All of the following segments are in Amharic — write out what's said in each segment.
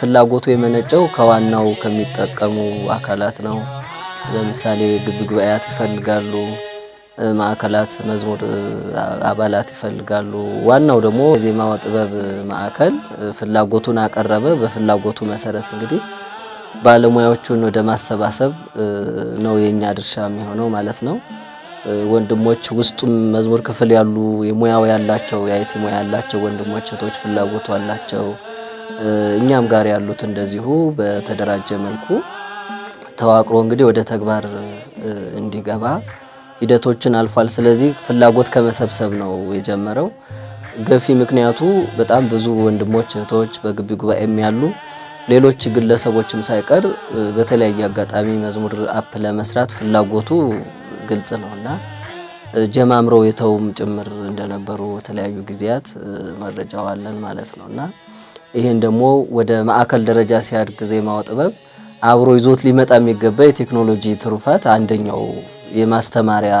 ፍላጎቱ የመነጨው ከዋናው ከሚጠቀሙ አካላት ነው። ለምሳሌ ግቢ ጉባኤያት ይፈልጋሉ፣ ማዕከላት መዝሙር አባላት ይፈልጋሉ። ዋናው ደግሞ የዜማው ጥበብ ማዕከል ፍላጎቱን አቀረበ። በፍላጎቱ መሰረት እንግዲህ ባለሙያዎቹን ወደ ማሰባሰብ ነው የእኛ ድርሻ የሚሆነው ማለት ነው። ወንድሞች ውስጡም መዝሙር ክፍል ያሉ የሙያው ያላቸው የአይቲ ሙያ ያላቸው ወንድሞች እህቶች ፍላጎቱ አላቸው። እኛም ጋር ያሉት እንደዚሁ በተደራጀ መልኩ ተዋቅሮ እንግዲህ ወደ ተግባር እንዲገባ ሂደቶችን አልፏል። ስለዚህ ፍላጎት ከመሰብሰብ ነው የጀመረው። ገፊ ምክንያቱ በጣም ብዙ ወንድሞች እህቶች፣ በግቢ ጉባኤም ያሉ ሌሎች ግለሰቦችም ሳይቀር በተለያየ አጋጣሚ መዝሙር አፕ ለመስራት ፍላጎቱ ግልጽ ነውና ጀማምረው የተውም ጭምር እንደነበሩ በተለያዩ ጊዜያት መረጃዋለን አለን ማለት ነውና ይህን ደግሞ ወደ ማዕከል ደረጃ ሲያድግ ዜማዋ ጥበብ አብሮ ይዞት ሊመጣ የሚገባ የቴክኖሎጂ ትሩፋት አንደኛው የማስተማሪያ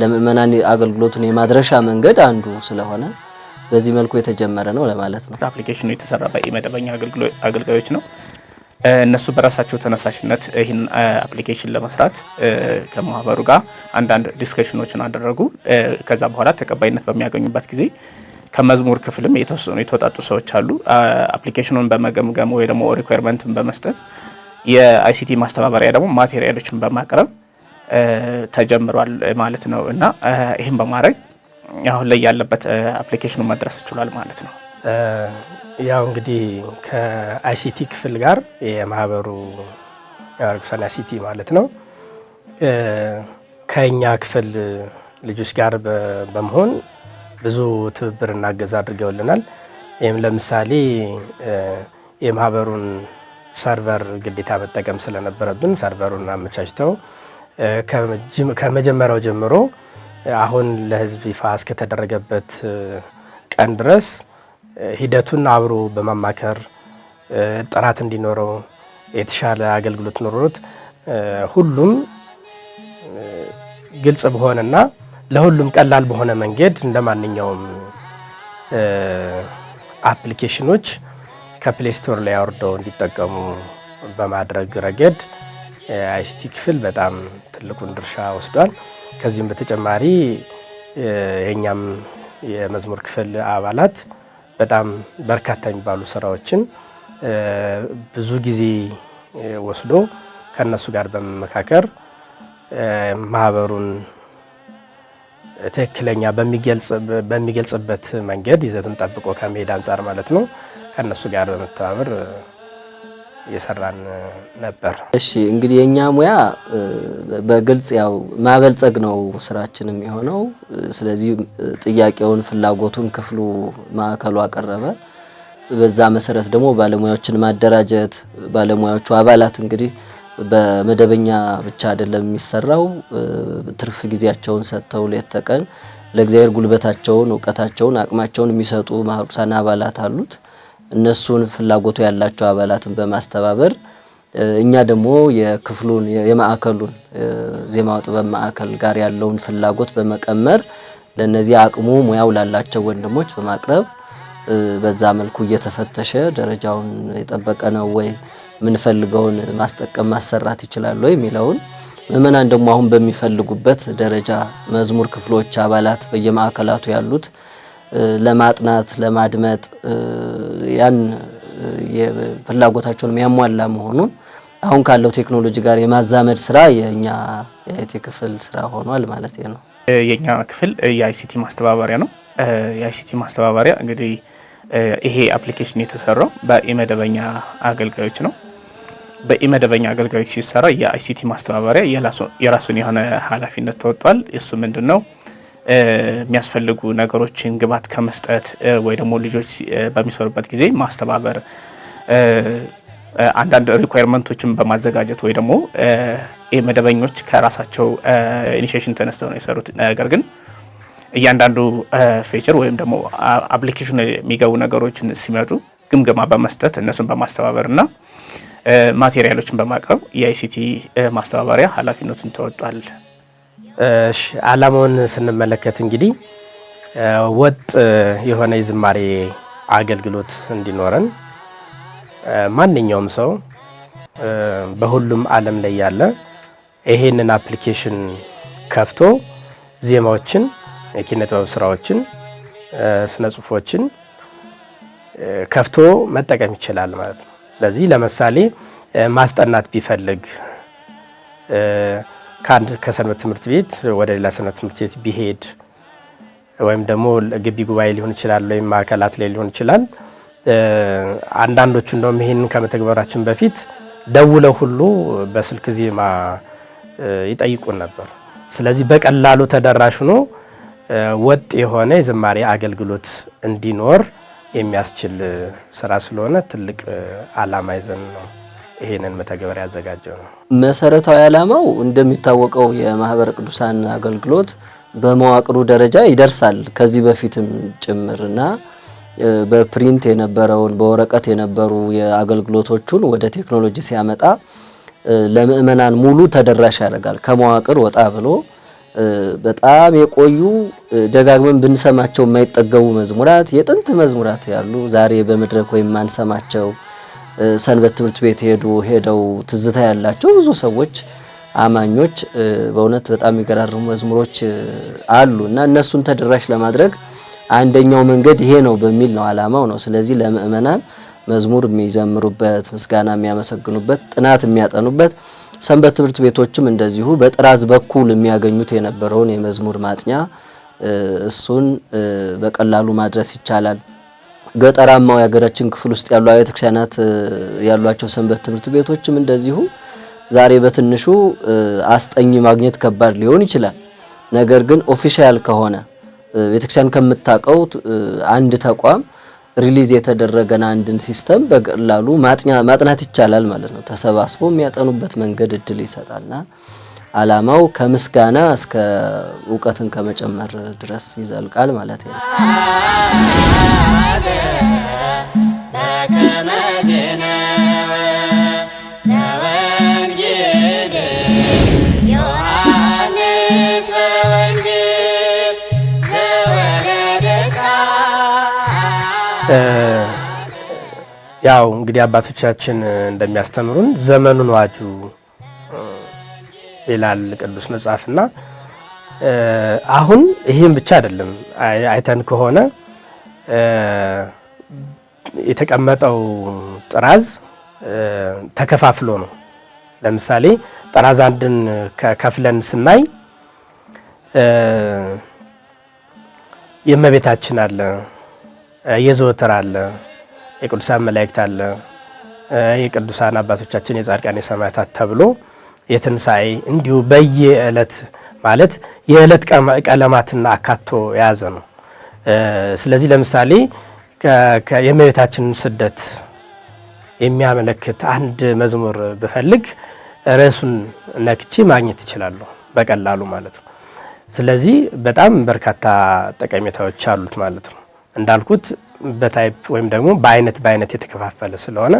ለምእመናን አገልግሎቱን የማድረሻ መንገድ አንዱ ስለሆነ በዚህ መልኩ የተጀመረ ነው ለማለት ነው። አፕሊኬሽኑ የተሰራ በኢመደበኛ አገልጋዮች ነው። እነሱ በራሳቸው ተነሳሽነት ይህን አፕሊኬሽን ለመስራት ከማህበሩ ጋር አንዳንድ ዲስከሽኖችን አደረጉ። ከዛ በኋላ ተቀባይነት በሚያገኙበት ጊዜ ከመዝሙር ክፍልም የተወሰኑ የተወጣጡ ሰዎች አሉ። አፕሊኬሽኑን በመገምገም ወይ ደግሞ ሪኳርመንትን በመስጠት የአይሲቲ ማስተባበሪያ ደግሞ ማቴሪያሎችን በማቅረብ ተጀምሯል ማለት ነው እና ይህም በማድረግ አሁን ላይ ያለበት አፕሊኬሽኑ መድረስ ችሏል ማለት ነው። ያው እንግዲህ ከአይሲቲ ክፍል ጋር የማህበሩ የአርግፈን አይሲቲ ማለት ነው ከእኛ ክፍል ልጆች ጋር በመሆን ብዙ ትብብርና እገዛ አድርገውልናል። ይህም ለምሳሌ የማህበሩን ሰርቨር ግዴታ መጠቀም ስለነበረብን ሰርቨሩን አመቻችተው ከመጀመሪያው ጀምሮ አሁን ለህዝብ ይፋ እስከተደረገበት ቀን ድረስ ሂደቱን አብሮ በማማከር ጥራት እንዲኖረው የተሻለ አገልግሎት ኖሮት ሁሉም ግልጽ በሆነና ለሁሉም ቀላል በሆነ መንገድ እንደ ማንኛውም አፕሊኬሽኖች ከፕሌይ ስቶር ላይ አውርደው እንዲጠቀሙ በማድረግ ረገድ አይሲቲ ክፍል በጣም ትልቁን ድርሻ ወስዷል። ከዚህም በተጨማሪ የእኛም የመዝሙር ክፍል አባላት በጣም በርካታ የሚባሉ ስራዎችን ብዙ ጊዜ ወስዶ ከእነሱ ጋር በመመካከር ማህበሩን ትክክለኛ በሚገልጽበት መንገድ ይዘትም ጠብቆ ከመሄድ አንጻር ማለት ነው ከእነሱ ጋር በመተባበር እየሰራን ነበር። እሺ እንግዲህ የእኛ ሙያ በግልጽ ያው ማበልጸግ ነው ስራችን የሆነው። ስለዚህ ጥያቄውን፣ ፍላጎቱን ክፍሉ ማዕከሉ አቀረበ። በዛ መሰረት ደግሞ ባለሙያዎችን ማደራጀት ባለሙያዎቹ አባላት እንግዲህ በመደበኛ ብቻ አይደለም የሚሰራው። ትርፍ ጊዜያቸውን ሰጥተው ሌት ተቀን ለእግዚአብሔር ጉልበታቸውን፣ እውቀታቸውን፣ አቅማቸውን የሚሰጡ ማህበረሰብ አባላት አሉት። እነሱን ፍላጎቱ ያላቸው አባላትን በማስተባበር እኛ ደግሞ የክፍሉን የማዕከሉን ዜማ ጥበብ ማዕከል ጋር ያለውን ፍላጎት በመቀመር ለነዚህ አቅሙ ሙያው ላላቸው ወንድሞች በማቅረብ በዛ መልኩ እየተፈተሸ ደረጃውን የጠበቀ ነው ወይ የምንፈልገውን ማስጠቀም ማሰራት ይችላሉ የሚለውን ምእመናን ደግሞ አሁን በሚፈልጉበት ደረጃ መዝሙር ክፍሎች አባላት በየማዕከላቱ ያሉት ለማጥናት ለማድመጥ ያን ፍላጎታቸውን የሚያሟላ መሆኑን አሁን ካለው ቴክኖሎጂ ጋር የማዛመድ ስራ የእኛ የአይቲ ክፍል ስራ ሆኗል ማለት ነው። የእኛ ክፍል የአይሲቲ ማስተባበሪያ ነው። የአይሲቲ ማስተባበሪያ እንግዲህ ይሄ አፕሊኬሽን የተሰራው በኢመደበኛ አገልጋዮች ነው። በኢመደበኛ አገልጋዮች ሲሰራ የአይሲቲ ማስተባበሪያ የራሱን የሆነ ኃላፊነት ተወጧል። እሱ ምንድን ነው የሚያስፈልጉ ነገሮችን ግብዓት ከመስጠት ወይ ደግሞ ልጆች በሚሰሩበት ጊዜ ማስተባበር፣ አንዳንድ ሪኳየርመንቶችን በማዘጋጀት ወይ ደግሞ መደበኞች ከራሳቸው ኢኒሽሽን ተነስተው ነው የሰሩት። ነገር ግን እያንዳንዱ ፌቸር ወይም ደግሞ አፕሊኬሽን የሚገቡ ነገሮችን ሲመጡ ግምገማ በመስጠት እነሱን በማስተባበር እና ማቴሪያሎችን በማቅረብ የአይሲቲ ማስተባበሪያ ኃላፊነቱን ተወጧል። አላማውን ስንመለከት እንግዲህ ወጥ የሆነ የዝማሬ አገልግሎት እንዲኖረን ማንኛውም ሰው በሁሉም ዓለም ላይ ያለ ይሄንን አፕሊኬሽን ከፍቶ ዜማዎችን፣ የኪነ ጥበብ ስራዎችን፣ ስነ ጽሁፎችን ከፍቶ መጠቀም ይችላል ማለት ነው። ለዚህ ለምሳሌ ማስጠናት ቢፈልግ ከአንድ ከሰንበት ትምህርት ቤት ወደ ሌላ ሰንበት ትምህርት ቤት ቢሄድ ወይም ደግሞ ግቢ ጉባኤ ሊሆን ይችላል፣ ወይም ማዕከላት ላይ ሊሆን ይችላል። አንዳንዶቹ እንደውም ይህን ከመተግበራችን በፊት ደውለው ሁሉ በስልክ ዜማ ይጠይቁን ነበር። ስለዚህ በቀላሉ ተደራሽ ሆኖ ወጥ የሆነ የዝማሬ አገልግሎት እንዲኖር የሚያስችል ስራ ስለሆነ ትልቅ አላማ ይዘን ነው ይሄንን መተግበር ያዘጋጀው ነው። መሰረታዊ አላማው እንደሚታወቀው የማህበረ ቅዱሳን አገልግሎት በመዋቅሩ ደረጃ ይደርሳል ከዚህ በፊትም ጭምርና በፕሪንት የነበረውን በወረቀት የነበሩ የአገልግሎቶቹን ወደ ቴክኖሎጂ ሲያመጣ ለምእመናን ሙሉ ተደራሽ ያደርጋል ከመዋቅር ወጣ ብሎ በጣም የቆዩ ደጋግመን ብንሰማቸው የማይጠገቡ መዝሙራት፣ የጥንት መዝሙራት ያሉ ዛሬ በመድረክ ወይም ማንሰማቸው ሰንበት ትምህርት ቤት ሄዱ ሄደው ትዝታ ያላቸው ብዙ ሰዎች አማኞች በእውነት በጣም የሚገራርሙ መዝሙሮች አሉ እና እነሱን ተደራሽ ለማድረግ አንደኛው መንገድ ይሄ ነው በሚል ነው አላማው ነው። ስለዚህ ለምእመናን መዝሙር የሚዘምሩበት፣ ምስጋና የሚያመሰግኑበት፣ ጥናት የሚያጠኑበት ሰንበት ትምህርት ቤቶችም እንደዚሁ በጥራዝ በኩል የሚያገኙት የነበረውን የመዝሙር ማጥኛ እሱን በቀላሉ ማድረስ ይቻላል። ገጠራማው የሀገራችን ክፍል ውስጥ ያሉ አብያተ ክርስቲያናት ያሏቸው ሰንበት ትምህርት ቤቶችም እንደዚሁ ዛሬ በትንሹ አስጠኝ ማግኘት ከባድ ሊሆን ይችላል። ነገር ግን ኦፊሻል ከሆነ ቤተክርስቲያን ከምታውቀው አንድ ተቋም ሪሊዝ የተደረገን አንድን ሲስተም በቀላሉ ማጥናት ይቻላል ማለት ነው። ተሰባስቦ የሚያጠኑበት መንገድ እድል ይሰጣልና አላማው ከምስጋና እስከ እውቀትን ከመጨመር ድረስ ይዘልቃል ማለት ነው። ያው እንግዲህ አባቶቻችን እንደሚያስተምሩን ዘመኑን ዋጁ ይላል ቅዱስ መጽሐፍና አሁን ይህም ብቻ አይደለም። አይተን ከሆነ የተቀመጠው ጥራዝ ተከፋፍሎ ነው። ለምሳሌ ጥራዝ አንድን ከፍለን ስናይ የእመቤታችን አለ፣ የዘወትር አለ የቅዱሳን መላእክት አለ፣ የቅዱሳን አባቶቻችን የጻድቃን የሰማዕታት ተብሎ የትንሣኤ እንዲሁ በየዕለት ማለት የዕለት ቀለማትን አካቶ የያዘ ነው። ስለዚህ ለምሳሌ የእመቤታችንን ስደት የሚያመለክት አንድ መዝሙር ብፈልግ ርዕሱን ነክቼ ማግኘት ይችላሉ፣ በቀላሉ ማለት ነው። ስለዚህ በጣም በርካታ ጠቀሜታዎች አሉት ማለት ነው። እንዳልኩት በታይፕ ወይም ደግሞ በአይነት በአይነት የተከፋፈለ ስለሆነ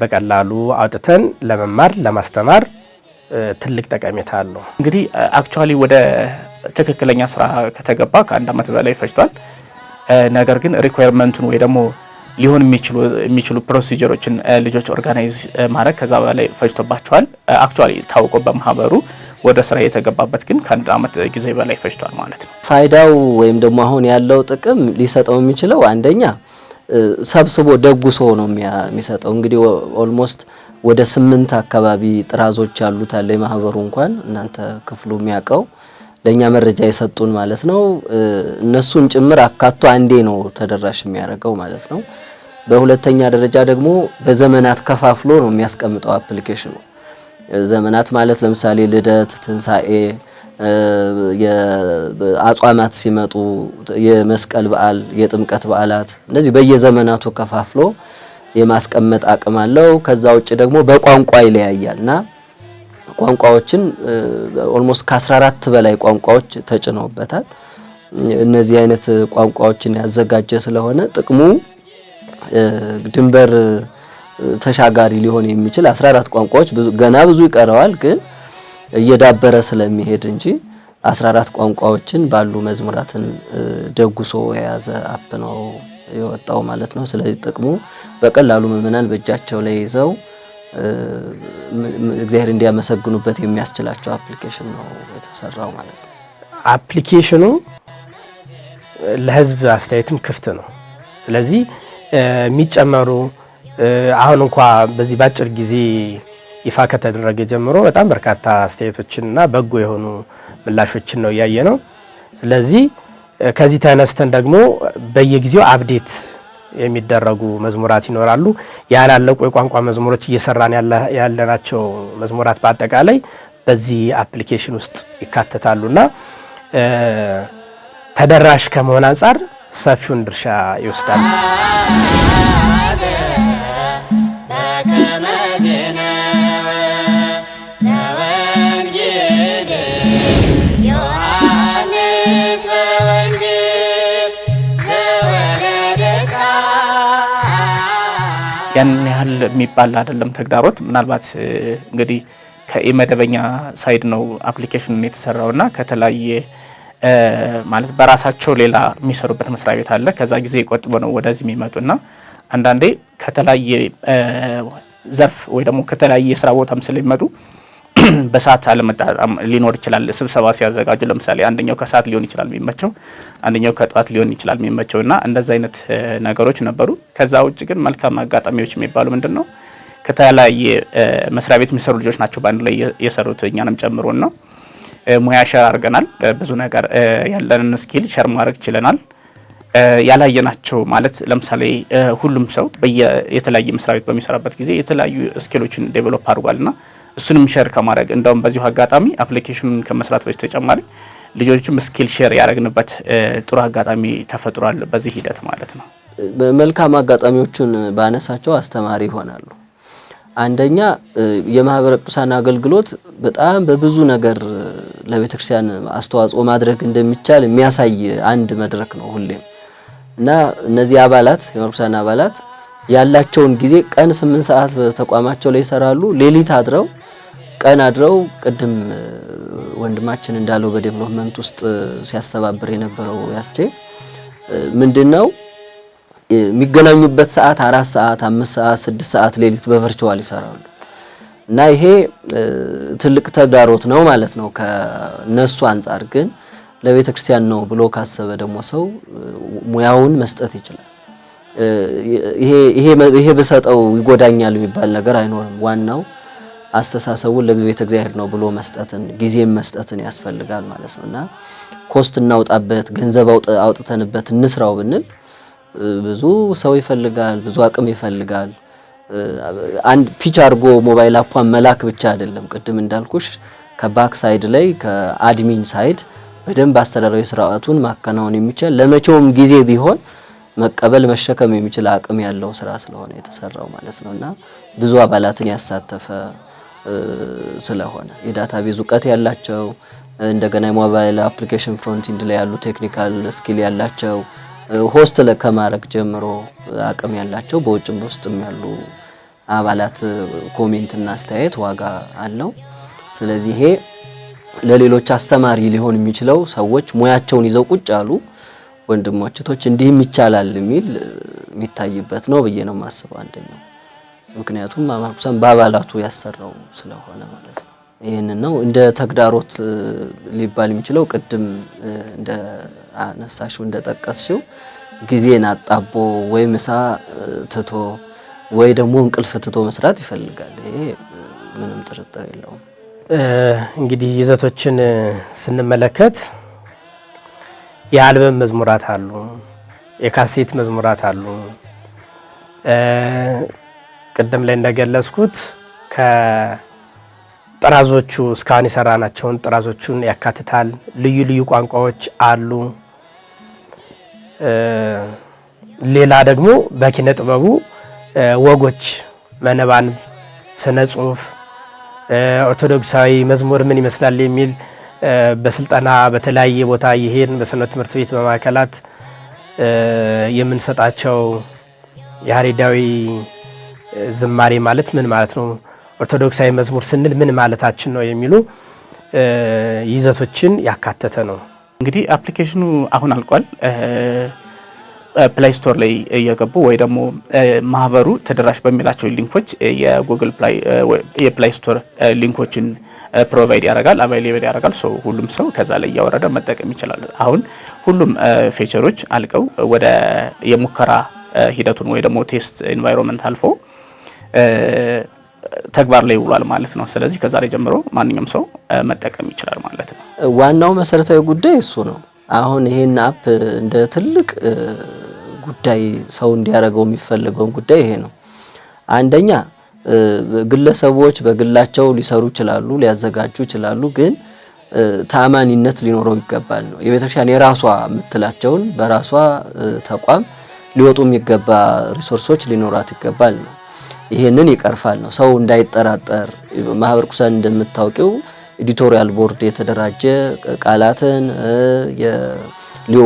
በቀላሉ አውጥተን ለመማር ለማስተማር ትልቅ ጠቀሜታ አለው። እንግዲህ አክቹዋሊ ወደ ትክክለኛ ስራ ከተገባ ከአንድ ዓመት በላይ ፈጅቷል። ነገር ግን ሪኳየርመንቱን ወይ ደግሞ ሊሆን የሚችሉ ፕሮሲጀሮችን ልጆች ኦርጋናይዝ ማድረግ ከዛ በላይ ፈጅቶባቸዋል። አክቹዋሊ ታውቆ በማህበሩ ወደ ስራ የተገባበት ግን ከአንድ አመት ጊዜ በላይ ፈጅቷል ማለት ነው። ፋይዳው ወይም ደግሞ አሁን ያለው ጥቅም ሊሰጠው የሚችለው አንደኛ ሰብስቦ ደጉሶ ነው የሚሰጠው። እንግዲህ ኦልሞስት ወደ ስምንት አካባቢ ጥራዞች ያሉት አለ የማህበሩ እንኳን እናንተ ክፍሉ የሚያውቀው ለእኛ መረጃ የሰጡን ማለት ነው። እነሱን ጭምር አካቶ አንዴ ነው ተደራሽ የሚያደርገው ማለት ነው። በሁለተኛ ደረጃ ደግሞ በዘመናት ከፋፍሎ ነው የሚያስቀምጠው አፕሊኬሽኑ። ዘመናት ማለት ለምሳሌ ልደት፣ ትንሳኤ፣ አጽዋማት ሲመጡ የመስቀል በዓል፣ የጥምቀት በዓላት እነዚህ በየዘመናቱ ከፋፍሎ የማስቀመጥ አቅም አለው። ከዛ ውጭ ደግሞ በቋንቋ ይለያያል እና ቋንቋዎችን ኦልሞስት ከ14 በላይ ቋንቋዎች ተጭነውበታል። እነዚህ አይነት ቋንቋዎችን ያዘጋጀ ስለሆነ ጥቅሙ ድንበር ተሻጋሪ ሊሆን የሚችል 14 ቋንቋዎች ገና ብዙ ይቀረዋል፣ ግን እየዳበረ ስለሚሄድ እንጂ 14 ቋንቋዎችን ባሉ መዝሙራትን ደጉሶ የያዘ አፕ ነው የወጣው ማለት ነው። ስለዚህ ጥቅሙ በቀላሉ ምዕመናን በእጃቸው ላይ ይዘው እግዚአብሔር እንዲያመሰግኑበት የሚያስችላቸው አፕሊኬሽን ነው የተሰራው ማለት ነው። አፕሊኬሽኑ ለህዝብ አስተያየትም ክፍት ነው። ስለዚህ የሚጨመሩ አሁን እንኳ በዚህ ባጭር ጊዜ ይፋ ከተደረገ ጀምሮ በጣም በርካታ አስተያየቶችንና በጎ የሆኑ ምላሾችን ነው እያየ ነው። ስለዚህ ከዚህ ተነስተን ደግሞ በየጊዜው አብዴት የሚደረጉ መዝሙራት ይኖራሉ። ያላለቁ የቋንቋ መዝሙሮች እየሰራን ያለናቸው መዝሙራት በአጠቃላይ በዚህ አፕሊኬሽን ውስጥ ይካተታሉና ተደራሽ ከመሆን አንጻር ሰፊውን ድርሻ ይወስዳል። ያንን ያን ያህል የሚባል አይደለም ተግዳሮት። ምናልባት እንግዲህ ከኢመደበኛ ሳይድ ነው አፕሊኬሽን የተሰራው እና ከተለያየ ማለት በራሳቸው ሌላ የሚሰሩበት መስሪያ ቤት አለ። ከዛ ጊዜ ቆጥቦ ነው ወደዚህ የሚመጡና አንዳንዴ ከተለያየ ዘርፍ ወይ ደግሞ ከተለያየ የስራ ቦታም ስለሚመጡ በሰዓት አለመጣጣም ሊኖር ይችላል። ስብሰባ ሲያዘጋጁ ለምሳሌ አንደኛው ከሰዓት ሊሆን ይችላል የሚመቸው፣ አንደኛው ከጠዋት ሊሆን ይችላል የሚመቸው እና እንደዚ አይነት ነገሮች ነበሩ። ከዛ ውጭ ግን መልካም አጋጣሚዎች የሚባሉ ምንድን ነው ከተለያየ መስሪያ ቤት የሚሰሩ ልጆች ናቸው በአንድ ላይ የሰሩት እኛንም ጨምሮን ነው። ሙያ ሸር አድርገናል። ብዙ ነገር ያለንን ስኪል ሸር ማድረግ ችለናል። ያላየናቸው ማለት ለምሳሌ ሁሉም ሰው የተለያየ መስሪያ ቤት በሚሰራበት ጊዜ የተለያዩ ስኪሎችን ዴቨሎፕ አድርጓል እሱንም ሼር ከማድረግ እንደውም በዚሁ አጋጣሚ አፕሊኬሽኑን ከመስራት ተጨማሪ ልጆችም ስኪል ሼር ያደረግንበት ጥሩ አጋጣሚ ተፈጥሯል። በዚህ ሂደት ማለት ነው። መልካም አጋጣሚዎቹን ባነሳቸው አስተማሪ ይሆናሉ። አንደኛ የማህበረ ቅዱሳን አገልግሎት በጣም በብዙ ነገር ለቤተክርስቲያን አስተዋጽኦ ማድረግ እንደሚቻል የሚያሳይ አንድ መድረክ ነው ሁሌም እና እነዚህ አባላት የመርኩሳን አባላት ያላቸውን ጊዜ ቀን ስምንት ሰዓት ተቋማቸው ላይ ይሰራሉ። ሌሊት አድረው ቀን አድረው ቅድም ወንድማችን እንዳለው በዴቨሎፕመንት ውስጥ ሲያስተባብር የነበረው ያስቼ ምንድነው የሚገናኙበት ሰዓት አራት ሰዓት አምስት ሰዓት ስድስት ሰዓት ሌሊት በቨርቹዋል ይሰራሉ እና ይሄ ትልቅ ተግዳሮት ነው ማለት ነው ከነሱ አንጻር ግን ለቤተ ክርስቲያን ነው ብሎ ካሰበ ደግሞ ሰው ሙያውን መስጠት ይችላል። ይሄ ብሰጠው ይጎዳኛል የሚባል ነገር አይኖርም። ዋናው አስተሳሰቡን ለቤተ እግዚአብሔር ነው ብሎ መስጠትን ጊዜም መስጠትን ያስፈልጋል ማለት ነው እና ኮስት እናውጣበት ገንዘብ አውጥተንበት እንስራው ብንል ብዙ ሰው ይፈልጋል፣ ብዙ አቅም ይፈልጋል። አንድ ፒች አድርጎ ሞባይል አፓን መላክ ብቻ አይደለም። ቅድም እንዳልኩሽ ከባክ ሳይድ ላይ ከአድሚን ሳይድ በደንብ አስተዳደራዊ ስርዓቱን ማከናወን የሚችል ለመቼውም ጊዜ ቢሆን መቀበል መሸከም የሚችል አቅም ያለው ስራ ስለሆነ የተሰራው ማለት ነውና ብዙ አባላትን ያሳተፈ ስለሆነ የዳታቤዝ እውቀት ያላቸው እንደገና የሞባይል አፕሊኬሽን ፍሮንቲንድ ላይ ያሉ ቴክኒካል ስኪል ያላቸው ሆስት ከማድረግ ጀምሮ አቅም ያላቸው በውጭም በውስጥም ያሉ አባላት ኮሜንትና አስተያየት ዋጋ አለው። ስለዚህ ይሄ ለሌሎች አስተማሪ ሊሆን የሚችለው ሰዎች ሙያቸውን ይዘው ቁጭ አሉ ወንድሞች እንዲህም ይቻላል የሚል የሚታይበት ነው ብዬ ነው የማስበው። አንደኛው ምክንያቱም መማር በአባላቱ ያሰራው ስለሆነ ማለት ነው። ይህን ነው እንደ ተግዳሮት ሊባል የሚችለው። ቅድም እንደ አነሳሽው ጠቀስሽው ጊዜን አጣቦ ወይ ምሳ ትቶ ወይ ደግሞ እንቅልፍ ትቶ መስራት ይፈልጋል። ይሄ ምንም ጥርጥር የለውም። እንግዲህ ይዘቶችን ስንመለከት የአልበም መዝሙራት አሉ፣ የካሴት መዝሙራት አሉ። ቅድም ላይ እንደገለጽኩት ከጥራዞቹ እስካሁን የሰራናቸውን ጥራዞቹን ያካትታል። ልዩ ልዩ ቋንቋዎች አሉ። ሌላ ደግሞ በኪነ ጥበቡ ወጎች፣ መነባንብ፣ ስነ ጽሁፍ ኦርቶዶክሳዊ መዝሙር ምን ይመስላል የሚል በስልጠና በተለያየ ቦታ ይሄን በሰንበት ትምህርት ቤት በማዕከላት የምንሰጣቸው የሀሬዳዊ ዝማሬ ማለት ምን ማለት ነው፣ ኦርቶዶክሳዊ መዝሙር ስንል ምን ማለታችን ነው የሚሉ ይዘቶችን ያካተተ ነው። እንግዲህ አፕሊኬሽኑ አሁን አልቋል። ፕላይ ስቶር ላይ እየገቡ ወይ ደግሞ ማህበሩ ተደራሽ በሚላቸው ሊንኮች የጉግል የፕላይ ስቶር ሊንኮችን ፕሮቫይድ ያደርጋል አቫይሌብል ያደርጋል። ሰው ሁሉም ሰው ከዛ ላይ እያወረደ መጠቀም ይችላል። አሁን ሁሉም ፌቸሮች አልቀው ወደ የሙከራ ሂደቱን ወይ ደግሞ ቴስት ኤንቫይሮንመንት አልፎ ተግባር ላይ ውሏል ማለት ነው። ስለዚህ ከዛሬ ጀምሮ ማንኛውም ሰው መጠቀም ይችላል ማለት ነው። ዋናው መሰረታዊ ጉዳይ እሱ ነው። አሁን ይሄን አፕ እንደ ትልቅ ጉዳይ ሰው እንዲያደርገው የሚፈልገውን ጉዳይ ይሄ ነው። አንደኛ ግለሰቦች በግላቸው ሊሰሩ ይችላሉ፣ ሊያዘጋጁ ይችላሉ። ግን ታማኒነት ሊኖረው ይገባል ነው የቤተክርስቲያን የራሷ የምትላቸውን በራሷ ተቋም ሊወጡ የሚገባ ሪሶርሶች ሊኖራት ይገባል ነው። ይሄንን ይቀርፋል ነው ሰው እንዳይጠራጠር። ማህበር ቁሳን እንደምታውቂው ኤዲቶሪያል ቦርድ የተደራጀ ቃላትን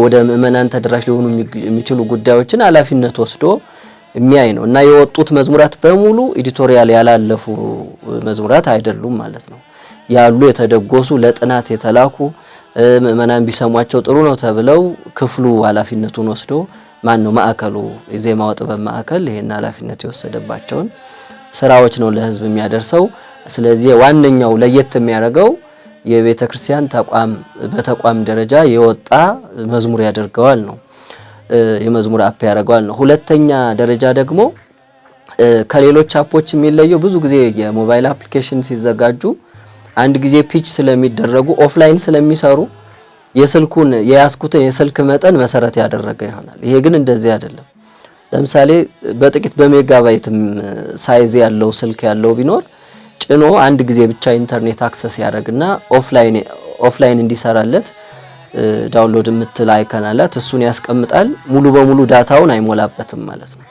ወደ ምእመናን ተደራሽ ሊሆኑ የሚችሉ ጉዳዮችን ኃላፊነት ወስዶ የሚያይ ነው እና የወጡት መዝሙራት በሙሉ ኤዲቶሪያል ያላለፉ መዝሙራት አይደሉም ማለት ነው። ያሉ የተደጎሱ ለጥናት የተላኩ ምእመናን ቢሰሟቸው ጥሩ ነው ተብለው ክፍሉ ኃላፊነቱን ወስዶ ማን ነው ማዕከሉ የዜማው ጥበብ ማዕከል ይሄን ኃላፊነት የወሰደባቸውን ስራዎች ነው ለህዝብ የሚያደርሰው። ስለዚህ ዋነኛው ለየት የሚያደርገው የቤተ ክርስቲያን ተቋም በተቋም ደረጃ የወጣ መዝሙር ያደርገዋል ነው የመዝሙር አፕ ያደርገዋል ነው። ሁለተኛ ደረጃ ደግሞ ከሌሎች አፖች የሚለየው ብዙ ጊዜ የሞባይል አፕሊኬሽን ሲዘጋጁ አንድ ጊዜ ፒች ስለሚደረጉ ኦፍላይን ስለሚሰሩ የስልኩን የያዝኩትን የስልክ መጠን መሰረት ያደረገ ይሆናል። ይሄ ግን እንደዚህ አይደለም። ለምሳሌ በጥቂት በሜጋባይትም ሳይዝ ያለው ስልክ ያለው ቢኖር ጭኖ አንድ ጊዜ ብቻ ኢንተርኔት አክሰስ ያደረግና ኦፍላይን ኦፍላይን እንዲሰራለት ዳውንሎድ የምትል አይከን አላት። እሱን ያስቀምጣል። ሙሉ በሙሉ ዳታውን አይሞላበትም ማለት ነው።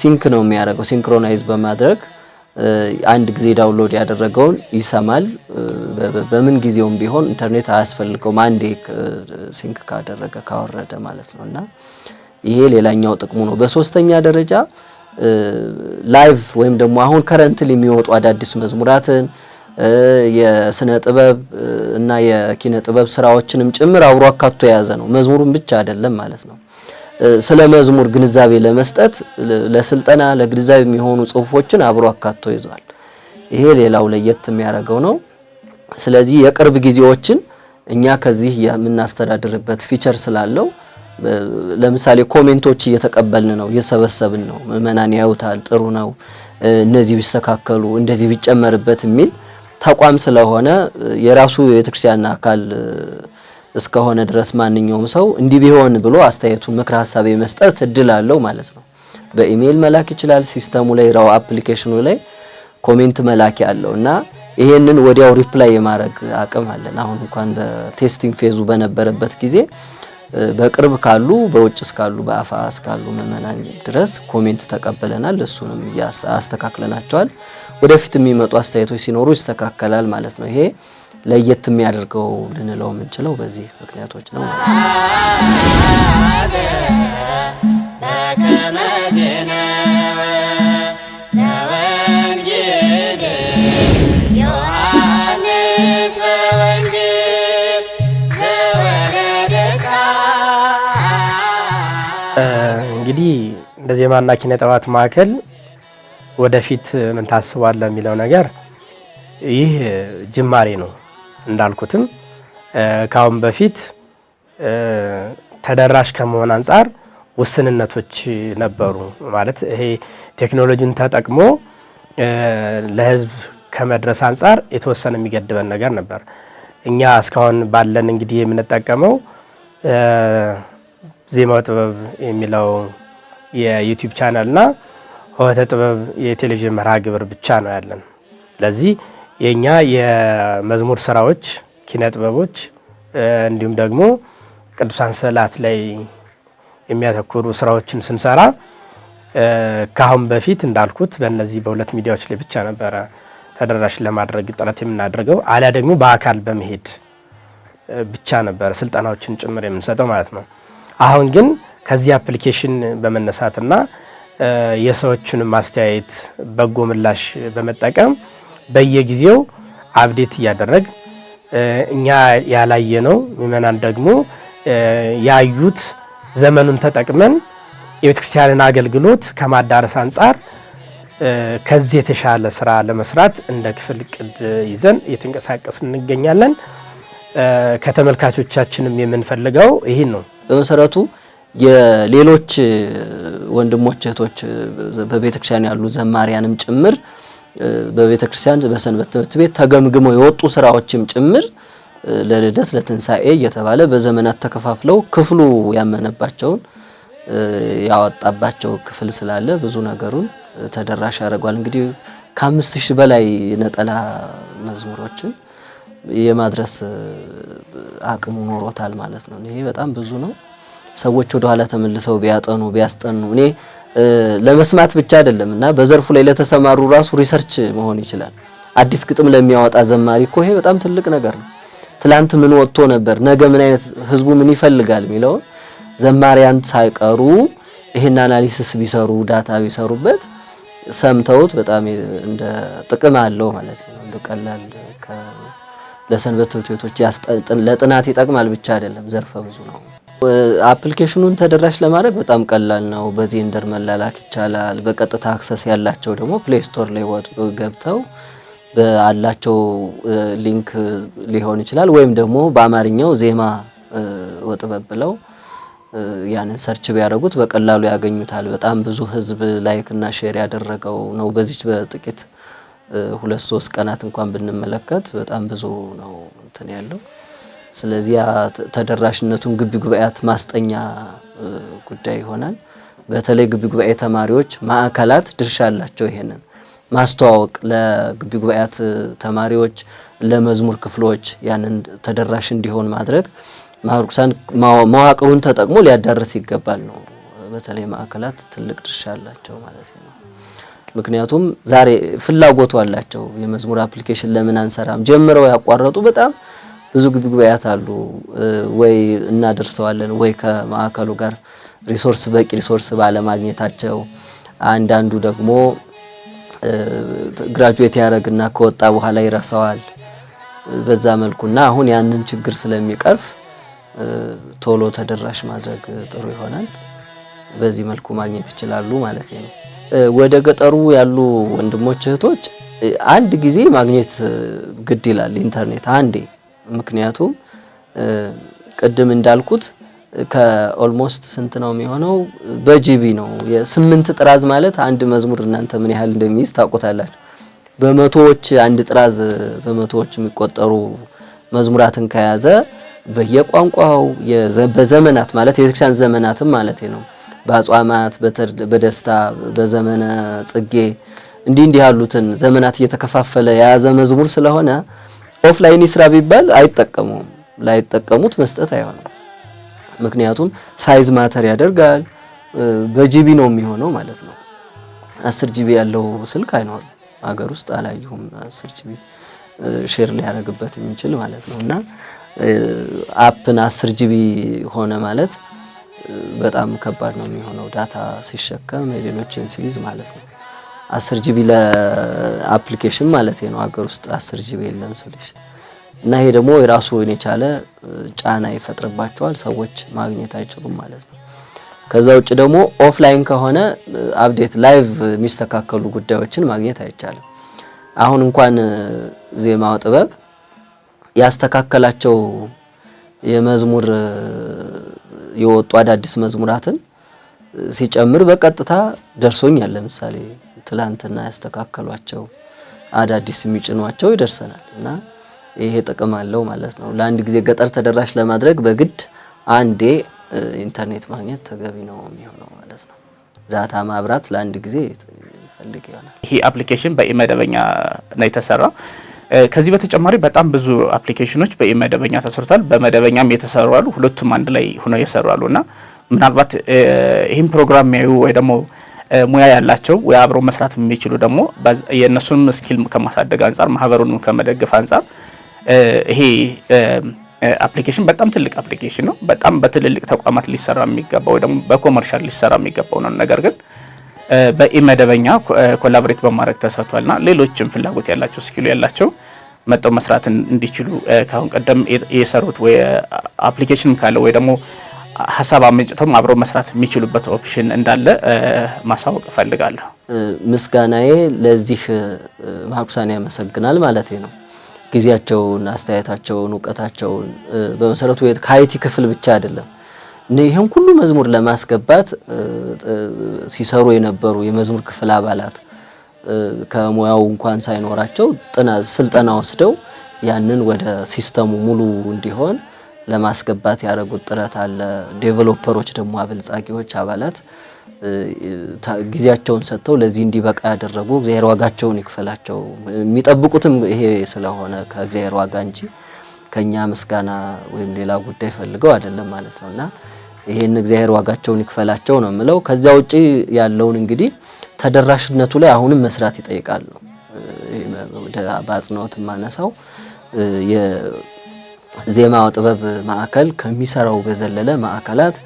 ሲንክ ነው የሚያደርገው። ሲንክሮናይዝ በማድረግ አንድ ጊዜ ዳውንሎድ ያደረገውን ይሰማል። በምን ጊዜውም ቢሆን ኢንተርኔት አያስፈልገውም፣ አንዴ ሲንክ ካደረገ ካወረደ ማለት ነው። እና ይሄ ሌላኛው ጥቅሙ ነው። በሶስተኛ ደረጃ ላይቭ ወይም ደግሞ አሁን ከረንትል የሚወጡ አዳዲስ መዝሙራትን የስነ ጥበብ እና የኪነ ጥበብ ስራዎችንም ጭምር አብሮ አካቶ የያዘ ነው። መዝሙሩን ብቻ አይደለም ማለት ነው። ስለ መዝሙር ግንዛቤ ለመስጠት ለስልጠና፣ ለግንዛቤ የሚሆኑ ጽሁፎችን አብሮ አካቶ ይዟል። ይሄ ሌላው ለየት የሚያደርገው ነው። ስለዚህ የቅርብ ጊዜዎችን እኛ ከዚህ የምናስተዳድርበት ፊቸር ስላለው ለምሳሌ ኮሜንቶች እየተቀበልን ነው እየሰበሰብን ነው። ምእመናን ያዩታል፣ ጥሩ ነው፣ እነዚህ ቢስተካከሉ፣ እንደዚህ ቢጨመርበት የሚል ተቋም ስለሆነ የራሱ የቤተክርስቲያን አካል እስከሆነ ድረስ ማንኛውም ሰው እንዲህ ቢሆን ብሎ አስተያየቱ ምክር ሀሳብ የመስጠት እድል አለው ማለት ነው። በኢሜይል መላክ ይችላል። ሲስተሙ ላይ ራው አፕሊኬሽኑ ላይ ኮሜንት መላክ ያለው እና ይሄንን ወዲያው ሪፕላይ የማድረግ አቅም አለን። አሁን እንኳን በቴስቲንግ ፌዙ በነበረበት ጊዜ በቅርብ ካሉ በውጭ እስካሉ በአፋ እስካሉ ምእመናን ድረስ ኮሜንት ተቀብለናል። እሱንም አስተካክለናቸዋል። ወደፊት የሚመጡ አስተያየቶች ሲኖሩ ይስተካከላል ማለት ነው። ይሄ ለየት የሚያደርገው ልንለው የምንችለው በዚህ ምክንያቶች ነው። በዜማና ኪነ ጥበባት ማዕከል ወደፊት ምን ታስቧል የሚለው ነገር ይህ ጅማሬ ነው። እንዳልኩትም ከአሁን በፊት ተደራሽ ከመሆን አንጻር ውስንነቶች ነበሩ። ማለት ይሄ ቴክኖሎጂን ተጠቅሞ ለህዝብ ከመድረስ አንጻር የተወሰነ የሚገድበን ነገር ነበር። እኛ እስካሁን ባለን እንግዲህ የምንጠቀመው ዜማው ጥበብ የሚለው የዩቲዩብ ቻናል እና ሆህተ ጥበብ የቴሌቪዥን መርሃ ግብር ብቻ ነው ያለን። ለዚህ የእኛ የመዝሙር ስራዎች፣ ኪነ ጥበቦች እንዲሁም ደግሞ ቅዱሳን ስዕላት ላይ የሚያተኩሩ ስራዎችን ስንሰራ ከአሁን በፊት እንዳልኩት በእነዚህ በሁለት ሚዲያዎች ላይ ብቻ ነበረ ተደራሽ ለማድረግ ጥረት የምናደርገው፣ አሊያ ደግሞ በአካል በመሄድ ብቻ ነበረ ስልጠናዎችን ጭምር የምንሰጠው ማለት ነው። አሁን ግን ከዚህ አፕሊኬሽን በመነሳትና የሰዎችን ማስተያየት በጎ ምላሽ በመጠቀም በየጊዜው አብዴት እያደረግ እኛ ያላየ ነው ምእመናን ደግሞ ያዩት ዘመኑን ተጠቅመን የቤተክርስቲያንን አገልግሎት ከማዳረስ አንጻር ከዚህ የተሻለ ስራ ለመስራት እንደ ክፍል ቅድ ይዘን እየተንቀሳቀስ እንገኛለን። ከተመልካቾቻችንም የምንፈልገው ይህን ነው በመሰረቱ የሌሎች ወንድሞች እህቶች በቤተክርስቲያን ያሉ ዘማሪያንም ጭምር በቤተክርስቲያን በሰንበት ትምህርት ቤት ተገምግመው የወጡ ስራዎችም ጭምር ለልደት ለትንሳኤ እየተባለ በዘመናት ተከፋፍለው ክፍሉ ያመነባቸውን ያወጣባቸው ክፍል ስላለ ብዙ ነገሩን ተደራሽ ያደርጓል። እንግዲህ ከአምስት ሺህ በላይ ነጠላ መዝሙሮችን የማድረስ አቅሙ ኖሮታል ማለት ነው። ይሄ በጣም ብዙ ነው። ሰዎች ወደኋላ ተመልሰው ቢያጠኑ ቢያስጠኑ እኔ ለመስማት ብቻ አይደለም እና በዘርፉ ላይ ለተሰማሩ ራሱ ሪሰርች መሆን ይችላል። አዲስ ግጥም ለሚያወጣ ዘማሪ እኮ ይሄ በጣም ትልቅ ነገር ነው። ትላንት ምን ወጥቶ ነበር፣ ነገ ምን አይነት ህዝቡ ምን ይፈልጋል የሚለውን ዘማሪያን ሳይቀሩ ይሄን አናሊሲስ ቢሰሩ ዳታ ቢሰሩበት ሰምተውት በጣም እንደ ጥቅም አለው ማለት ነው። እንደ ቀላል ለሰንበት ትምህርት ቤቶች ለጥናት ይጠቅማል ብቻ አይደለም፣ ዘርፈ ብዙ ነው። አፕሊኬሽኑን ተደራሽ ለማድረግ በጣም ቀላል ነው። በዜንደር መላላክ ይቻላል። በቀጥታ አክሰስ ያላቸው ደግሞ ፕሌይ ስቶር ላይ ገብተው በአላቸው ሊንክ ሊሆን ይችላል ወይም ደግሞ በአማርኛው ዜማ ወጥበብ ብለው ያንን ሰርች ቢያደርጉት በቀላሉ ያገኙታል። በጣም ብዙ ህዝብ ላይክ እና ሼር ያደረገው ነው። በዚች በጥቂት ሁለት ሶስት ቀናት እንኳን ብንመለከት በጣም ብዙ ነው እንትን ያለው ስለዚህ ተደራሽነቱን ግቢ ጉባኤያት ማስጠኛ ጉዳይ ይሆናል። በተለይ ግቢ ጉባኤ ተማሪዎች ማዕከላት ድርሻ አላቸው። ይሄንን ማስተዋወቅ ለግቢ ጉባኤያት ተማሪዎች፣ ለመዝሙር ክፍሎች ያንን ተደራሽ እንዲሆን ማድረግ ማህበረሰብ መዋቅሩን ተጠቅሞ ሊያዳርስ ይገባል ነው። በተለይ ማዕከላት ትልቅ ድርሻ አላቸው ማለት ነው። ምክንያቱም ዛሬ ፍላጎቱ አላቸው። የመዝሙር አፕሊኬሽን ለምን አንሰራም? ጀምረው ያቋረጡ በጣም ብዙ ግቢ ጉባኤያት አሉ። ወይ እናደርሰዋለን ወይ ከማዕከሉ ጋር ሪሶርስ በቂ ሪሶርስ ባለማግኘታቸው አንዳንዱ ደግሞ ግራጁዌት ያደረግና ከወጣ በኋላ ይረሰዋል። በዛ መልኩና አሁን ያንን ችግር ስለሚቀርፍ ቶሎ ተደራሽ ማድረግ ጥሩ ይሆናል። በዚህ መልኩ ማግኘት ይችላሉ ማለት ነው። ወደ ገጠሩ ያሉ ወንድሞች እህቶች አንድ ጊዜ ማግኘት ግድ ይላል ኢንተርኔት አንዴ ምክንያቱም ቅድም እንዳልኩት ከኦልሞስት ስንት ነው የሚሆነው? በጂቢ ነው። የስምንት ጥራዝ ማለት አንድ መዝሙር እናንተ ምን ያህል እንደሚይዝ ታውቁታላችሁ። በመቶዎች አንድ ጥራዝ በመቶዎች የሚቆጠሩ መዝሙራትን ከያዘ በየቋንቋው በዘመናት ማለት የክርስቲያን ዘመናትም ማለት ነው። በአጽዋማት፣ በደስታ፣ በዘመነ ጽጌ እንዲህ እንዲህ ያሉትን ዘመናት እየተከፋፈለ የያዘ መዝሙር ስለሆነ ኦፍላይን ይስራ ቢባል አይጠቀሙም። ላይጠቀሙት መስጠት አይሆንም። ምክንያቱም ሳይዝ ማተር ያደርጋል። በጂቢ ነው የሚሆነው ማለት ነው። አስር ጂቢ ያለው ስልክ አይኖርም ሀገር ውስጥ አላየሁም። አስር ጂቢ ሼር ሊያደርግበት የሚችል ማለት ነው እና አፕን አስር ጂቢ ሆነ ማለት በጣም ከባድ ነው የሚሆነው ዳታ ሲሸከም የሌሎችን ሲይዝ ማለት ነው። አስር ጂቢ ለአፕሊኬሽን ማለት ነው። ሀገር ውስጥ አስር ጂቢ የለም ስልሽ እና ይሄ ደግሞ የራሱን የቻለ ጫና ይፈጥርባቸዋል። ሰዎች ማግኘት አይችሉም ማለት ነው። ከዛ ውጭ ደግሞ ኦፍላይን ከሆነ አፕዴት ላይቭ የሚስተካከሉ ጉዳዮችን ማግኘት አይቻልም። አሁን እንኳን ዜማው ጥበብ ያስተካከላቸው የመዝሙር የወጡ አዳዲስ መዝሙራትን ሲጨምር በቀጥታ ደርሶኛል ለምሳሌ ትላንትና ያስተካከሏቸው አዳዲስ የሚጭኗቸው ይደርሰናል እና ይሄ ጥቅም አለው ማለት ነው። ለአንድ ጊዜ ገጠር ተደራሽ ለማድረግ በግድ አንዴ ኢንተርኔት ማግኘት ተገቢ ነው የሚሆነው ማለት ነው። ዳታ ማብራት ለአንድ ጊዜ ይፈልግ ይሆናል። ይሄ አፕሊኬሽን በኢመደበኛ ነው የተሰራ ከዚህ በተጨማሪ በጣም ብዙ አፕሊኬሽኖች በኢመደበኛ ተሰርቷል፣ በመደበኛም የተሰሩ አሉ። ሁለቱም አንድ ላይ ሆነው የሰሩ አሉ እና ምናልባት ይህም ፕሮግራም የሚያዩ ወይ ደግሞ ሙያ ያላቸው ወይ መስራት የሚችሉ ደግሞ የእነሱን ስኪል ከማሳደግ አንጻር ማህበሩንም ከመደገፍ አንጻር ይሄ አፕሊኬሽን በጣም ትልቅ አፕሊኬሽን ነው። በጣም በትልልቅ ተቋማት ሊሰራ የሚገባው ወይ ደግሞ በኮመርሻል ሊሰራ የሚገባው ነው። ነገር ግን በኢመደበኛ ኮላቦሬት በማድረግ ተሰርቷልና ሌሎችም ፍላጎት ያላቸው ስኪሉ ያላቸው መጠው መስራት እንዲችሉ ከአሁን ቀደም የሰሩት ወይ አፕሊኬሽን ካለ ወይ ደግሞ ሀሳብ አመንጭተውም አብረው መስራት የሚችሉበት ኦፕሽን እንዳለ ማሳወቅ እፈልጋለሁ። ምስጋናዬ ለዚህ ማኩሳን ያመሰግናል ማለት ነው። ጊዜያቸውን፣ አስተያየታቸውን፣ እውቀታቸውን በመሰረቱ ከአይቲ ክፍል ብቻ አይደለም ይህን ሁሉ መዝሙር ለማስገባት ሲሰሩ የነበሩ የመዝሙር ክፍል አባላት ከሙያው እንኳን ሳይኖራቸው ስልጠና ወስደው ያንን ወደ ሲስተሙ ሙሉ እንዲሆን ለማስገባት ያደረጉት ጥረት አለ። ዴቨሎፐሮች ደግሞ አበልጻቂዎች አባላት ጊዜያቸውን ሰጥተው ለዚህ እንዲበቃ ያደረጉ እግዚአብሔር ዋጋቸውን ይክፈላቸው። የሚጠብቁትም ይሄ ስለሆነ ከእግዚአብሔር ዋጋ እንጂ ከኛ ምስጋና ወይም ሌላ ጉዳይ ፈልገው አይደለም ማለት ነው እና ይሄን እግዚአብሔር ዋጋቸውን ይክፈላቸው ነው የምለው። ከዚያ ውጪ ያለውን እንግዲህ ተደራሽነቱ ላይ አሁንም መስራት ይጠይቃሉ በአጽንኦት የማነሳው ዜማ ጥበብ ማዕከል ከሚሰራው በዘለለ ማዕከላት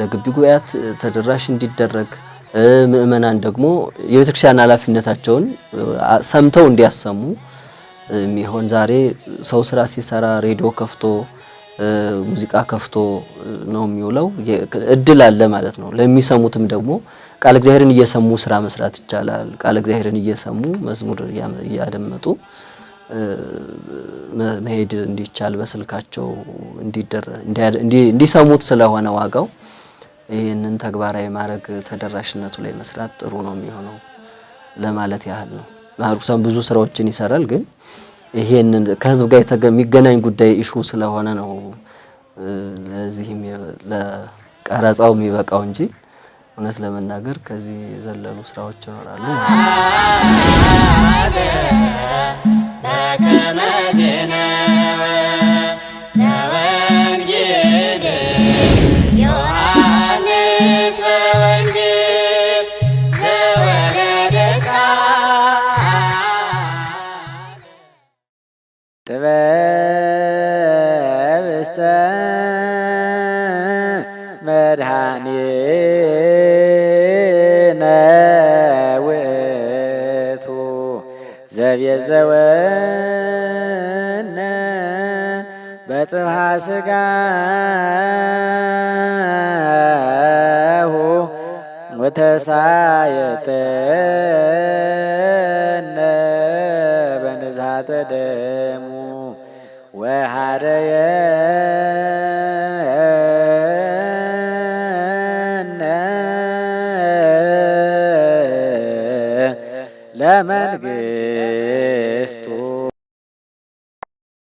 ለግቢ ጉባኤያት ተደራሽ እንዲደረግ ምእመናን ደግሞ የቤተክርስቲያን ኃላፊነታቸውን ሰምተው እንዲያሰሙ የሚሆን ዛሬ ሰው ስራ ሲሰራ ሬዲዮ ከፍቶ ሙዚቃ ከፍቶ ነው የሚውለው። እድል አለ ማለት ነው። ለሚሰሙትም ደግሞ ቃል እግዚአብሔርን እየሰሙ ስራ መስራት ይቻላል። ቃል እግዚአብሔርን እየሰሙ መዝሙር እያደመጡ መሄድ እንዲቻል በስልካቸው እንዲሰሙት ስለሆነ ዋጋው ይህንን ተግባራዊ ማድረግ ተደራሽነቱ ላይ መስራት ጥሩ ነው የሚሆነው ለማለት ያህል ነው። ማህበረሰብ ብዙ ስራዎችን ይሰራል፣ ግን ይሄንን ከህዝብ ጋር የሚገናኝ ጉዳይ ኢሹ ስለሆነ ነው ለዚህም ለቀረጻው የሚበቃው እንጂ እውነት ለመናገር ከዚህ የዘለሉ ስራዎች ይኖራሉ። በከመ ዜና ስጋሁ ወተሳ